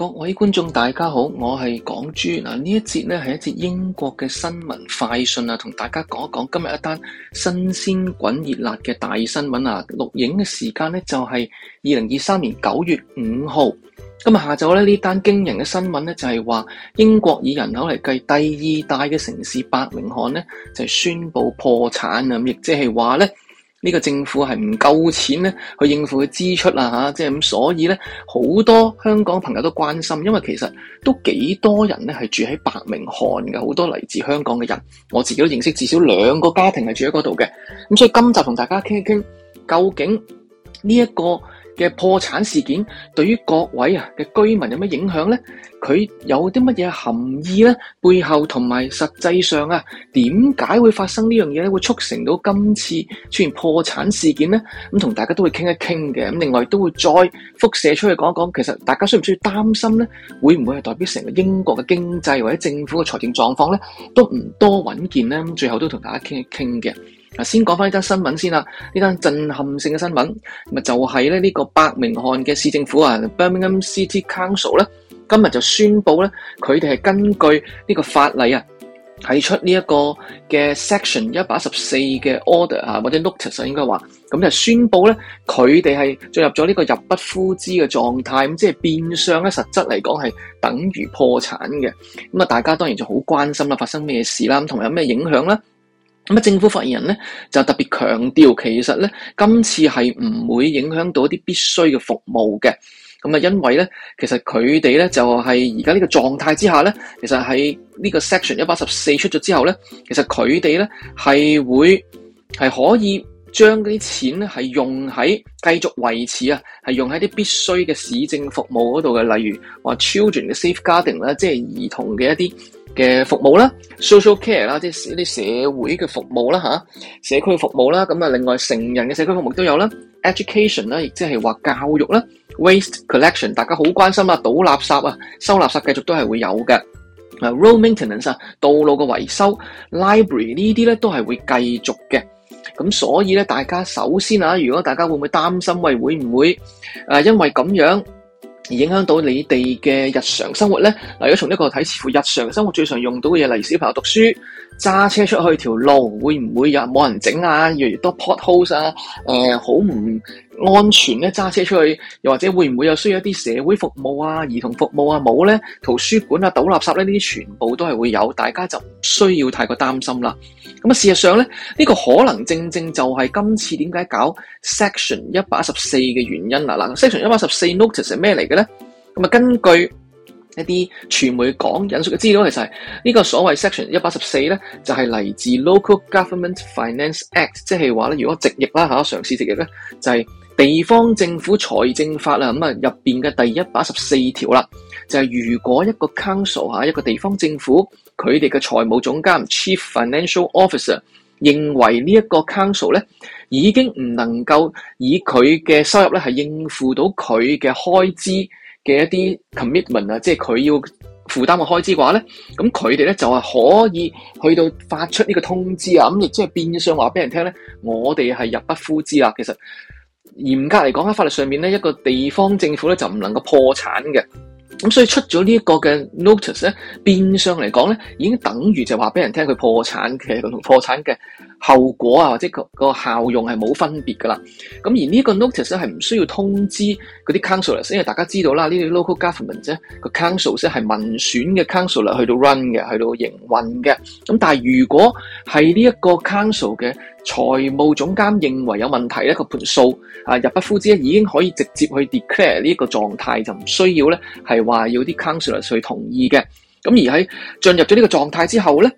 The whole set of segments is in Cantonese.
各位觀眾大家好，我係港豬嗱，呢一節咧係一節英國嘅新聞快訊啊，同大家講一講今日一單新鮮滾熱辣嘅大新聞啊。錄影嘅時間咧就係二零二三年九月五號。今日下晝咧，呢單驚人嘅新聞咧就係話，英國以人口嚟計第二大嘅城市伯明翰咧就係宣布破產啊，咁亦即係話咧。呢個政府係唔夠錢咧，去應付佢支出啊！吓，即係咁，所以咧好多香港朋友都關心，因為其實都幾多人咧係住喺伯明翰嘅，好多嚟自香港嘅人，我自己都認識至少兩個家庭係住喺嗰度嘅。咁所以今集同大家傾一傾，究竟呢、這、一個嘅破產事件對於各位啊嘅居民有乜影響呢？佢有啲乜嘢含意呢？背後同埋實際上啊，點解會發生呢樣嘢咧？會促成到今次出現破產事件呢？咁同大家都會傾一傾嘅。咁另外都會再輻射出去講一講，其實大家需唔需要擔心呢？會唔會係代表成個英國嘅經濟或者政府嘅財政狀況呢？都唔多穩健呢。最後都同大家傾一傾嘅。嗱，先講翻呢單新聞先啦，呢單震撼性嘅新聞，咪就係咧呢個伯明翰嘅市政府啊，Birmingham City Council 咧，今日就宣布咧，佢哋係根據呢個法例啊，提出呢一個嘅 Section 一百一十四嘅 Order 啊，或者 Notice 啊，應該話，咁就宣布咧，佢哋係進入咗呢個入不敷支嘅狀態，咁即係變相咧，實質嚟講係等於破產嘅。咁啊，大家當然就好關心啦，發生咩事啦，同埋有咩影響咧？咁啊，政府發言人咧就特別強調，其實咧今次係唔會影響到一啲必須嘅服務嘅。咁啊，因為咧，其實佢哋咧就係而家呢個狀態之下咧，其實喺呢個 section 一百十四出咗之後咧，其實佢哋咧係會係可以將嗰啲錢咧係用喺繼續維持啊，係用喺啲必須嘅市政服務嗰度嘅，例如話 children 嘅 safeguarding 啦，即係兒童嘅一啲嘅服務啦，social care 啦，即係一啲社會嘅服務啦吓，社區嘅服務啦，咁啊，另外成人嘅社區服務都有啦，education 啦，亦即係話教育啦，waste collection 大家好關心啊，倒垃圾啊，收垃圾繼續都係會有嘅，啊 road maintenance 啊，道路嘅維修，library 呢啲咧都係會繼續嘅，咁所以咧，大家首先啊，如果大家會唔會擔心喂，會唔會誒因為咁樣，而影響到你哋嘅日常生活咧，如果從呢個睇，似乎日常生活最常用到嘅嘢，例如小朋友讀書。揸車出去條路會唔會有冇人整啊？越嚟越多 pot holes 啊，誒好唔安全咧、啊！揸車出去又或者會唔會又需要一啲社會服務啊、兒童服務啊冇咧？圖書館啊、倒垃圾咧、啊，呢啲全部都係會有，大家就唔需要太過擔心啦。咁啊，事實上咧，呢、呢個可能正正就係今次點解搞 section 一百一十四嘅原因啦。嗱，section 一百一十四 notice 係咩嚟嘅咧？咁啊，根據一啲傳媒講引述嘅資料，其實係呢個所謂 section 一百十四咧，就係嚟自 Local Government Finance Act，即係話咧，如果直譯啦嚇，嘗試直譯咧，就係地方政府財政法啦，咁啊入邊嘅第一百十四條啦，就係如果一個 council 嚇，一個地方政府，佢哋嘅財務總監 Chief Financial Officer 認為呢一個 council 咧已經唔能夠以佢嘅收入咧係應付到佢嘅開支。嘅一啲 commitment 啊，即係佢要負擔嘅開支嘅話咧，咁佢哋咧就係可以去到發出呢個通知啊，咁亦即係變相話俾人聽咧，我哋係入不敷支啦。其實嚴格嚟講喺法律上面咧，一個地方政府咧就唔能夠破產嘅。咁所以出咗呢一個嘅 notice 咧，變相嚟講咧，已經等於就話俾人聽佢破產嘅同破產嘅後果啊，或者個效用係冇分別噶啦。咁而呢個 notice 咧係唔需要通知嗰啲 councilors，因為大家知道啦，呢啲 local government 呢個 council 咧係民選嘅 councilor 去到 run 嘅，去到營運嘅。咁但係如果係呢一個 council 嘅。財務總監認為有問題，一個盤數啊，入不敷支咧，已經可以直接去 declare 呢一個狀態，就唔需要咧係話要啲 councillors 去同意嘅。咁而喺進入咗呢個狀態之後咧。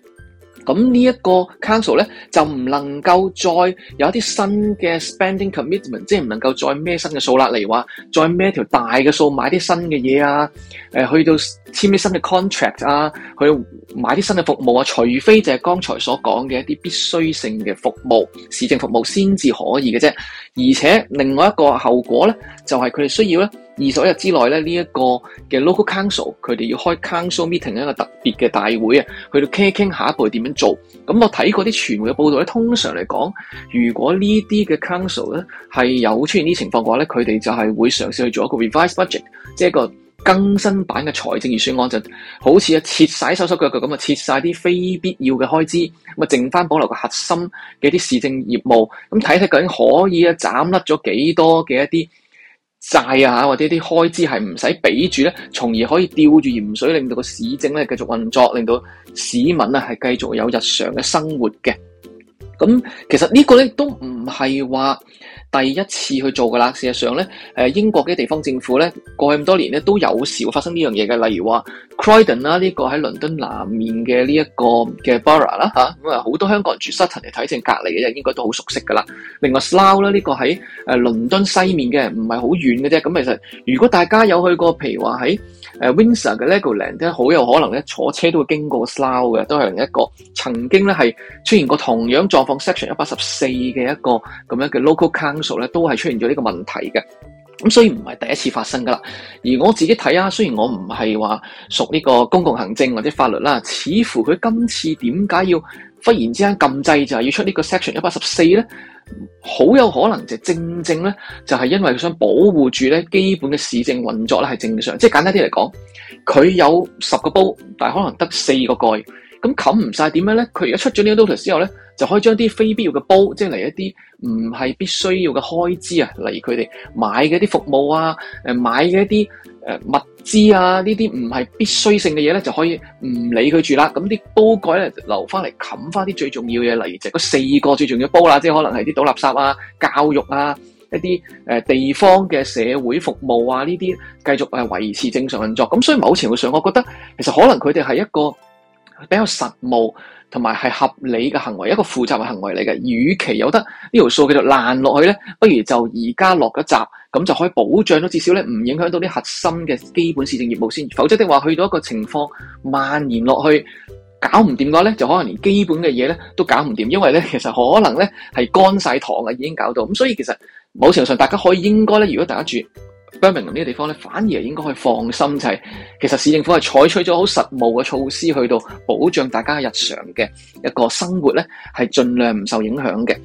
咁呢一個 council 咧，就唔能夠再有一啲新嘅 spending commitment，即係唔能夠再孭新嘅數啦。例如話，再孭條大嘅數買啲新嘅嘢啊，誒去到簽啲新嘅 contract 啊，去買啲新嘅服務啊，除非就係剛才所講嘅一啲必須性嘅服務，市政服務先至可以嘅啫。而且另外一個後果咧，就係佢哋需要咧。二十一日之內咧，呢一個嘅 local council，佢哋要開 council meeting 一個特別嘅大會啊，去到傾一傾下一步點樣做。咁我睇過啲傳媒嘅報道咧，通常嚟講，如果呢啲嘅 council 咧係有出現呢情況嘅話咧，佢哋就係會嘗試去做一個 revise budget，即係一個更新版嘅財政預算案，就好似啊切晒手手腳腳咁啊，切晒啲非必要嘅開支，咁啊剩翻保留個核心嘅啲市政業務。咁睇睇究竟可以啊斬甩咗幾多嘅一啲。債啊，或者啲開支係唔使俾住咧，從而可以吊住鹽水，令到個市政咧繼續運作，令到市民啊係繼續有日常嘅生活嘅。咁其實個呢個咧都唔係話第一次去做㗎啦，事實上咧，英國嘅地方政府咧，過去咁多年咧都有時會發生呢樣嘢嘅，例如話 Croydon 啦，呢個喺倫敦南面嘅呢一個嘅 borough 啦，咁啊好多香港人住 Sutton 嚟睇正隔離嘅啫，應該都好熟悉㗎啦。另外 Slough 啦，呢個喺誒倫敦西面嘅，唔係好遠嘅啫。咁其實如果大家有去過，譬如話喺 Windsor 嘅 Legoland，都好有可能咧坐車都會經過 Slough 嘅，都係一個曾經咧係出現過同樣狀況 section 一百十四嘅一個咁樣嘅 local council 咧都係出現咗呢個問題嘅，咁所以唔係第一次發生噶啦。而我自己睇啊，雖然我唔係話熟呢個公共行政或者法律啦，似乎佢今次點解要忽然之間禁制，就係要出呢個 Section 114咧，好有可能就正正咧就係因為佢想保護住咧基本嘅市政運作咧係正常，即係簡單啲嚟講，佢有十個煲，但係可能得四個蓋。咁冚唔晒點樣咧？佢而家出咗呢個 notice 之後咧，就可以將啲非必要嘅煲，即係嚟一啲唔係必須要嘅開支啊，例如佢哋買嘅啲服務啊，誒買嘅一啲物資啊，呢啲唔係必須性嘅嘢咧，就可以唔理佢住啦。咁啲煲呢蓋咧留翻嚟冚翻啲最重要嘅，例如就係嗰四個最重要煲啦，即係可能係啲倒垃圾啊、教育啊、一啲地方嘅社會服務啊呢啲，繼續誒維持正常運作。咁所以某程度上，我覺得其實可能佢哋係一個。比較實務同埋係合理嘅行為，一個負責嘅行為嚟嘅。與其有得呢條數繼續爛落去呢，不如就而家落咗閘，咁就可以保障到至少呢唔影響到啲核心嘅基本市政業務先。否則的話，去到一個情況蔓延落去，搞唔掂嘅話呢就可能連基本嘅嘢呢都搞唔掂，因為呢其實可能呢係乾晒糖呀已經搞到咁。所以其實某程度上，大家可以應該呢，如果大家住。Birmingham 呢個地方咧，反而應該去放心，就係、是、其實市政府係採取咗好實務嘅措施，去到保障大家日常嘅一個生活咧，係盡量唔受影響嘅。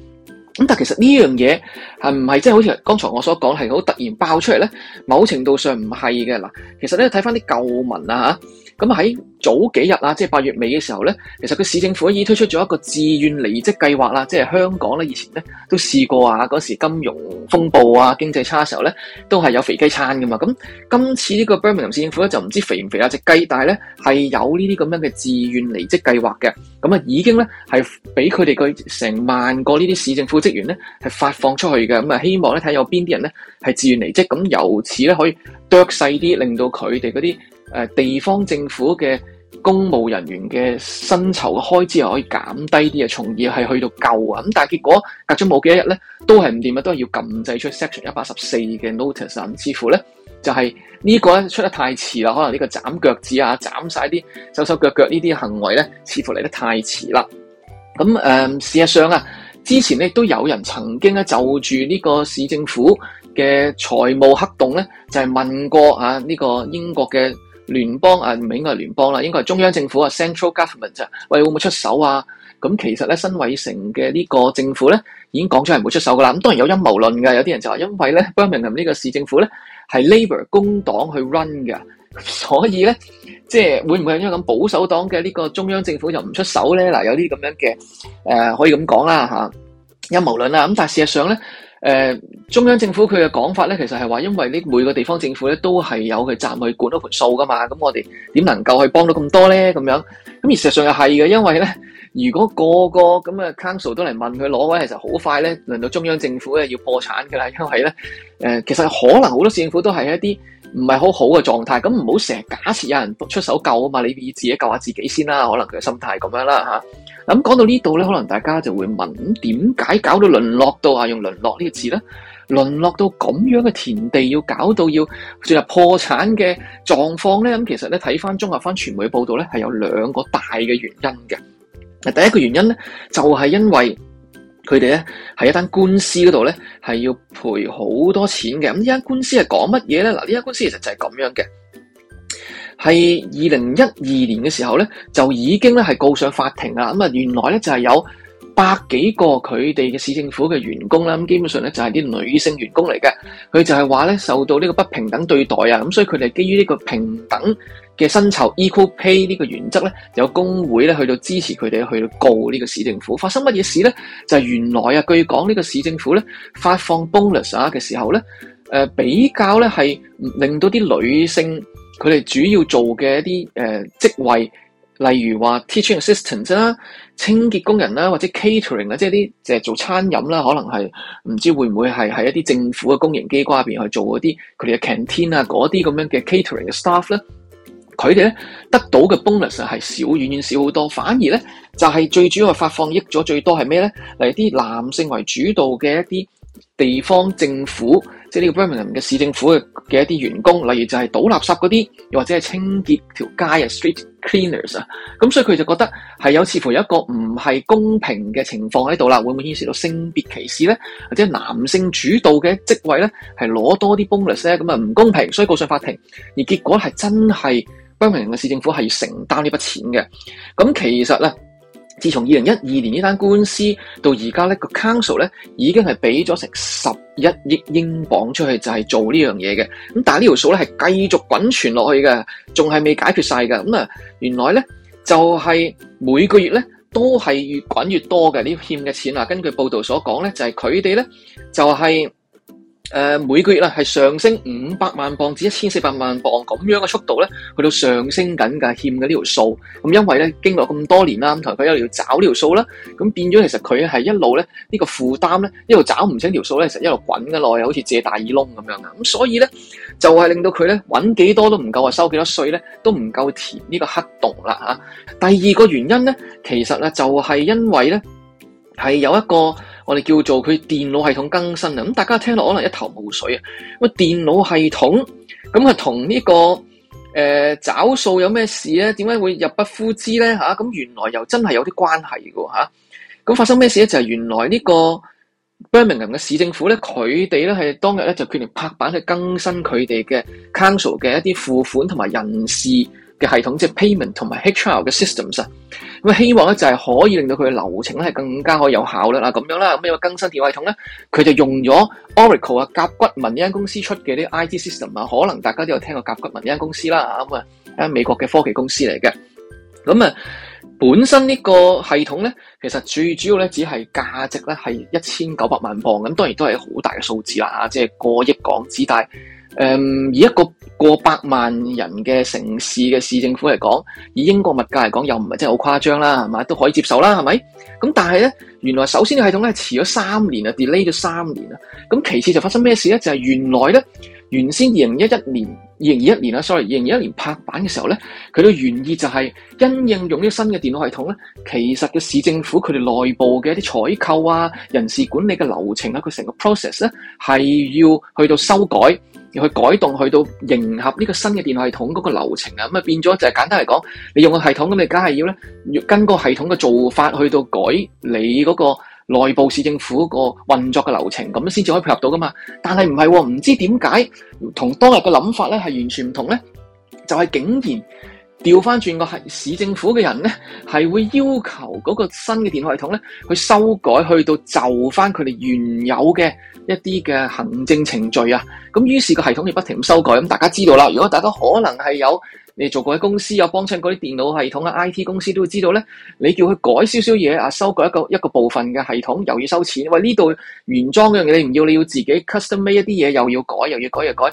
咁但係其實呢樣嘢係唔係即係好似剛才我所講係好突然爆出嚟咧？某程度上唔係嘅嗱，其實咧睇翻啲舊聞啊吓？咁喺。早幾日啊，即係八月尾嘅時候咧，其實個市政府已推出咗一個自願離職計劃啦。即係香港咧，以前咧都試過啊，嗰時金融風暴啊，經濟差嘅時候咧，都係有肥雞餐噶嘛。咁今次呢個伯明翰市政府咧就唔知肥唔肥啊隻雞，但係咧係有呢啲咁樣嘅自願離職計劃嘅。咁啊，已經咧係俾佢哋個成萬個呢啲市政府職員咧係發放出去嘅。咁啊，希望咧睇下有邊啲人咧係自願離職，咁由此咧可以剁細啲，令到佢哋嗰啲誒地方政府嘅公務人員嘅薪酬嘅開支啊，可以減低啲啊，從而係去到夠啊。咁但係結果隔咗冇幾日咧，都係唔掂啊，都係要禁制出 section 一百十四嘅 notice 甚至乎咧，就係、是、呢個咧出得太遲啦。可能呢個斬腳趾啊、斬晒啲手手腳腳呢啲行為咧，似乎嚟得太遲啦。咁、嗯、事實上啊，之前咧都有人曾經咧就住呢個市政府嘅財務黑洞咧，就係、是、問過啊呢、呢個英國嘅。聯邦啊，唔應該係聯邦啦，應該係中央政府啊，Central Government 啊，喂，會唔會出手啊？咁其實咧，辛偉誠嘅呢個政府咧，已經講咗係唔會出手噶啦。咁當然有陰謀論嘅，有啲人就話，因為咧，Birmingham 呢個市政府咧係 Labour 工黨去 run 嘅，所以咧，即係會唔會係因為咁保守黨嘅呢個中央政府就唔出手咧？嗱，有啲咁樣嘅誒，可以咁講啦嚇，陰謀論啦。咁但係事實上咧。誒、呃、中央政府佢嘅講法咧，其實係話，因為呢每個地方政府咧都係有佢責任去管嗰盤數噶嘛，咁我哋點能夠去幫到咁多咧？咁樣咁，而實際上又係嘅，因為咧，如果個個咁嘅 Council 都嚟問佢攞位，其實好快咧，輪到中央政府咧要破產噶啦，因為咧、呃、其實可能好多政府都係一啲。唔係好好嘅狀態，咁唔好成日假設有人出手救啊嘛，你自己救下自己先啦，可能佢嘅心態咁樣啦嚇。咁、啊嗯、講到呢度呢，可能大家就會問，咁點解搞到淪落到啊？用淪落呢個字呢？淪落到咁樣嘅田地，要搞到要進入破產嘅狀況呢？咁、嗯、其實呢，睇翻綜合翻傳媒嘅報道呢，係有兩個大嘅原因嘅。第一個原因呢，就係、是、因為。佢哋咧喺一單官司嗰度咧係要賠好多錢嘅，咁呢間官司係講乜嘢咧？嗱，呢間官司其實就係咁樣嘅，係二零一二年嘅時候咧，就已經咧係告上法庭啦。咁啊，原來咧就係有。百幾個佢哋嘅市政府嘅員工啦，咁基本上咧就係啲女性員工嚟嘅，佢就係話咧受到呢個不平等對待啊，咁所以佢哋基於呢個平等嘅薪酬 equal pay 呢個原則咧，有工會咧去到支持佢哋去到告呢個市政府發生乜嘢事咧？就係、是、原來啊，據講呢個市政府咧發放 bonus 啊嘅時候咧，誒、呃、比較咧係令到啲女性佢哋主要做嘅一啲誒職位。例如話 teaching assistants 啦、清潔工人啦，或者 catering 啊，即係啲即係做餐飲啦，可能係唔知會唔會係喺一啲政府嘅公營機構入面去做嗰啲佢哋嘅 canteen 啊嗰啲咁樣嘅 catering 嘅 staff 咧，佢哋咧得到嘅 bonus 係少遠遠少好多，反而咧就係、是、最主要嘅發放益咗最多係咩咧？嚟啲男性為主導嘅一啲。地方政府，即係呢個 Birmingham 嘅市政府嘅嘅一啲員工，例如就係倒垃圾嗰啲，又或者係清潔條街啊，street cleaners 啊，咁所以佢就覺得係有似乎有一個唔係公平嘅情況喺度啦，會唔會牽涉到性別歧視咧？或者男性主導嘅職位咧係攞多啲 bonus 咧，咁啊唔公平，所以告上法庭，而結果係真係 Birmingham 嘅市政府係要承擔呢筆錢嘅。咁其實咧。自從二零一二年呢單官司到而家咧，個 Council 咧已經係俾咗成十一億英鎊出去，就係、是、做呢樣嘢嘅。咁但係呢條數咧係繼續滾存落去嘅，仲係未解決晒嘅。咁啊，原來咧就係、是、每個月咧都係越滾越多嘅呢、這個、欠嘅錢啊。根據報道所講咧，就係佢哋咧就係、是。誒、呃，每個月咧係上升五百萬磅至一千四百萬磅咁樣嘅速度咧，去到上升緊嘅欠嘅呢條數。咁、嗯、因為咧經過咁多年啦，咁、嗯、佢一,、嗯、一路要找呢條數啦，咁變咗其實佢係係一路咧呢個負擔咧一路找唔清條數咧，其實一路滾嘅耐，好似借大耳窿咁樣嘅。咁、嗯、所以咧就係令到佢咧搵幾多都唔夠啊，收幾多稅咧都唔夠填呢個黑洞啦吓、啊。第二個原因咧，其實咧就係、是、因為咧。係有一個我哋叫做佢電腦系統更新啊，咁大家聽落可能一頭霧水啊。咁啊電腦系統咁啊同呢個誒、呃、找數有咩事咧？點解會入不敷支咧？嚇、啊、咁原來又真係有啲關係嘅嚇。咁、啊啊、發生咩事咧？就係、是、原來呢個 Birmingham 嘅市政府咧，佢哋咧係當日咧就決定拍板去更新佢哋嘅 Council 嘅一啲付款同埋人事嘅系統即係 payment 同埋 HR 嘅 systems 啊，咁啊希望咧就係可以令到佢嘅流程咧係更加可以有效率啦，咁樣啦，咁個更新電話系統咧，佢就用咗 Oracle 啊，甲骨文呢間公司出嘅啲 IT system 啊，可能大家都有聽過甲骨文呢間公司啦，咁啊，一間美國嘅科技公司嚟嘅，咁啊本身呢個系統咧，其實最主要咧只係價值咧係一千九百萬鎊，咁當然都係好大嘅數字啦，即係過億港紙，但誒、嗯，以一個過百萬人嘅城市嘅市政府嚟講，以英國物價嚟講，又唔係真係好誇張啦，係咪？都可以接受啦，係咪？咁但係咧。原來首先嘅系統咧遲咗三年啊，delay 咗三年啊。咁其次就發生咩事咧？就係、是、原來咧，原先二零一一年、二零二一年啊，sorry，二零二一年拍板嘅時候咧，佢嘅原意就係因應用呢個新嘅電腦系統咧，其實嘅市政府佢哋內部嘅一啲採購啊、人事管理嘅流程啊，佢成個 process 咧係要去到修改，要去改動，去到迎合呢個新嘅電腦系統嗰個流程啊。咁啊變咗就係簡單嚟講，你用個系統咁，你梗係要咧，跟個系統嘅做法去到改你。嗰個內部市政府嗰個運作嘅流程，咁樣先至可以配合到噶嘛？但係唔係喎？唔知點解同當日嘅諗法咧係完全唔同咧，就係、是、竟然調翻轉個係市政府嘅人咧，係會要求嗰個新嘅電腦系統咧去修改，去到就翻佢哋原有嘅一啲嘅行政程序啊。咁於是個系統亦不停修改，咁大家知道啦。如果大家可能係有。你做嗰啲公司啊，幫襯嗰啲電腦系統啊，IT 公司都會知道咧。你叫佢改少少嘢啊，修改一個一個部分嘅系統，又要收錢。喂，呢度原裝嘅樣嘢你唔要，你要自己 custom made 一啲嘢，又要改，又要改，又改。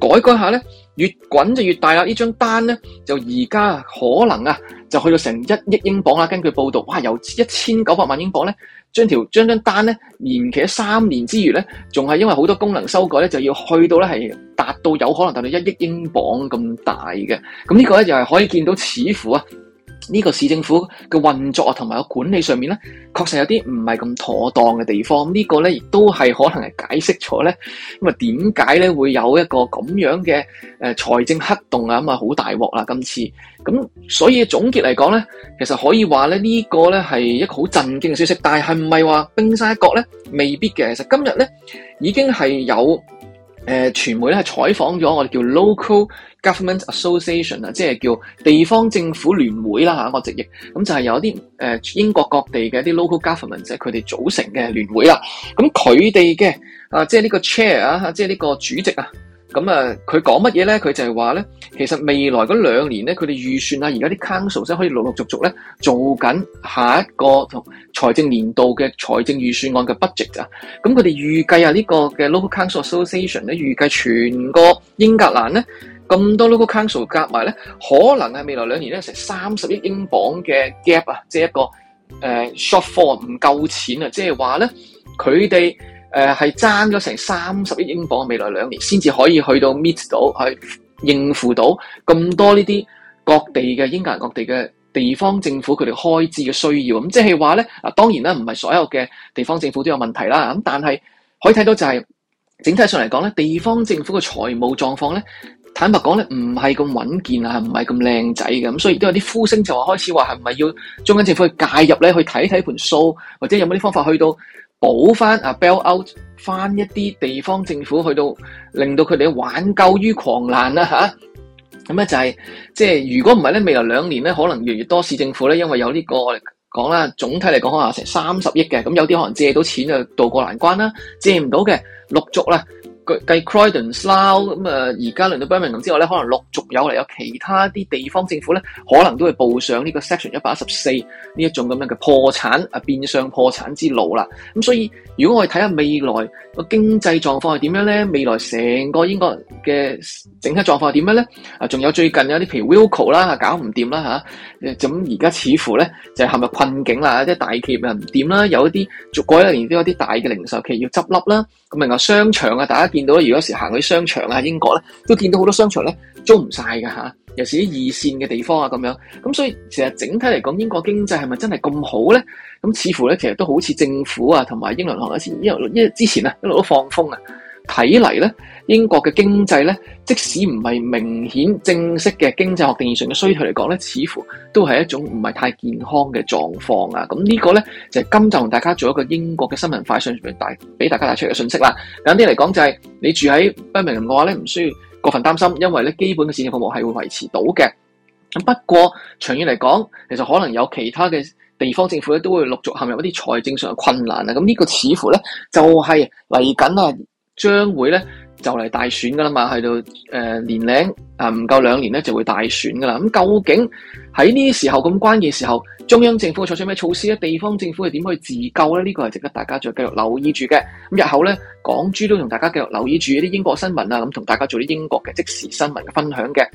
咁改改下咧，越滾就越大啦。呢張單咧，就而家可能啊，就去到成一億英鎊啦。根據報道，哇，由一千九百萬英鎊咧。將條將張單咧延期三年之餘咧，仲係因為好多功能修改咧，就要去到咧係達到有可能達到一億英鎊咁大嘅。咁呢個咧就係、是、可以見到，似乎啊。呢個市政府嘅運作啊，同埋個管理上面咧，確實有啲唔係咁妥當嘅地方。呢個咧，亦都係可能係解釋錯咧，咁啊點解咧會有一個咁樣嘅誒財政黑洞啊？咁啊好大鑊啦！今次咁，所以總結嚟講咧，其實可以話咧呢個咧係一個好震驚嘅消息。但係唔係話冰山一角咧？未必嘅。其實今日咧已經係有。誒、呃，傳媒咧係採訪咗我哋叫 local government association 啊，即係叫地方政府聯會啦嚇，個直譯咁就係有啲誒、呃、英國各地嘅啲 local government 即係佢哋組成嘅聯會啦。咁佢哋嘅啊，即係呢個 chair 啊，即係呢個主席啊。咁啊，佢講乜嘢咧？佢就係話咧，其實未來嗰兩年咧，佢哋預算啊，而家啲 council 真係可以陸陸續續咧做緊下一個同財政年度嘅財政預算案嘅 budget 啊。咁佢哋預計啊，呢、這個嘅 local council association 咧預計全個英格蘭咧咁多 local council 夾埋咧，可能係未來兩年咧成三十億英鎊嘅 gap 啊，即係一個、呃、shortfall 唔夠錢啊，即係話咧佢哋。誒係爭咗成三十億英鎊，未來兩年先至可以去到 meet 到去應付到咁多呢啲各地嘅英格蘭各地嘅地方政府佢哋開支嘅需要，咁、嗯、即係話咧，嗱當然啦，唔係所有嘅地方政府都有問題啦，咁但係可以睇到就係、是、整體上嚟講咧，地方政府嘅財務狀況咧，坦白講咧唔係咁穩健啊，唔係咁靚仔嘅，咁、嗯、所以都有啲呼聲就話開始話係唔係要中央政府去介入咧，去睇睇盤數，或者有冇啲方法去到。補翻啊 bail out 翻一啲地方政府去到，令到佢哋挽救於狂瀾啦吓，咁、啊、咧就係、是、即係如果唔係咧，未來兩年咧可能越嚟越多市政府咧，因為有呢個講啦，總體嚟講可能成三十億嘅，咁有啲可能借到錢就渡過難關啦，借唔到嘅陸續啦。繼 Croydon、Slough 咁啊，而家輪到 Birmingham 之外咧，可能陸續有嚟有其他啲地方政府咧，可能都會步上呢個 Section 一百一十四呢一種咁樣嘅破產啊變相破產之路啦。咁所以，如果我哋睇下未來個經濟狀況係點樣咧？未來成個英國嘅整體狀況係點樣咧？啊，仲有最近有啲譬如 Wilco 啦，搞唔掂啦吓。咁而家似乎咧就係陷入困境啦，啊，即係大企業又唔掂啦，有一啲過咗一年都有啲大嘅零售企業要執笠啦。咁另外商場啊，大家見到如果時行去商場啊，英國咧都見到好多商場咧租唔晒㗎。吓、啊，尤其啲二線嘅地方啊咁樣。咁所以其實整體嚟講，英國經濟係咪真係咁好咧？咁似乎咧，其實都好似政府啊，同埋英倫行一先，因為之前啊，一路都放風啊，睇嚟咧。英國嘅經濟咧，即使唔係明顯正式嘅經濟學定義上嘅衰退嚟講咧，似乎都係一種唔係太健康嘅狀況啊！咁、嗯這個、呢個咧就係、是、今集同大家做一個英國嘅新聞快訊，帶俾大家帶出嘅信息啦。簡啲嚟講就係、是，你住喺伯明翰嘅話咧，唔需要過分擔心，因為咧基本嘅市政服務係會維持到嘅。咁不過長遠嚟講，其實可能有其他嘅地方政府咧都會陸續陷入一啲財政上嘅困難啊！咁、嗯、呢、這個似乎咧就係嚟緊啊！將會咧就嚟大選噶啦嘛，去到誒年齡啊唔夠兩年咧就會大選噶啦。咁、嗯、究竟喺呢時候咁關鍵時候，中央政府採取咩措施咧？地方政府係點去自救咧？呢、這個係值得大家再繼續留意住嘅。咁、嗯、日後咧，港豬都同大家繼續留意住啲英國新聞啊，咁、嗯、同大家做啲英國嘅即時新聞嘅分享嘅。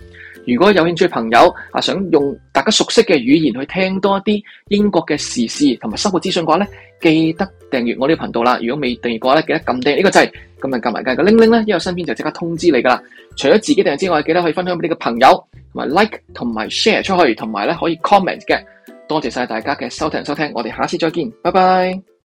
如果有興趣朋友啊，想用大家熟悉嘅語言去聽多一啲英國嘅時事同埋生活資訊嘅話咧，記得訂閱我呢個頻道啦。如果未訂閱嘅話咧，記得撳「定」呢個掣。咁就撳埋個鈴鈴咧，一有新片就即刻通知你噶啦。除咗自己訂閱之外，記得可以分享俾你嘅朋友，同埋 like 同埋 share 出去，同埋咧可以 comment 嘅。多謝晒大家嘅收聽收聽，我哋下次再見，拜拜。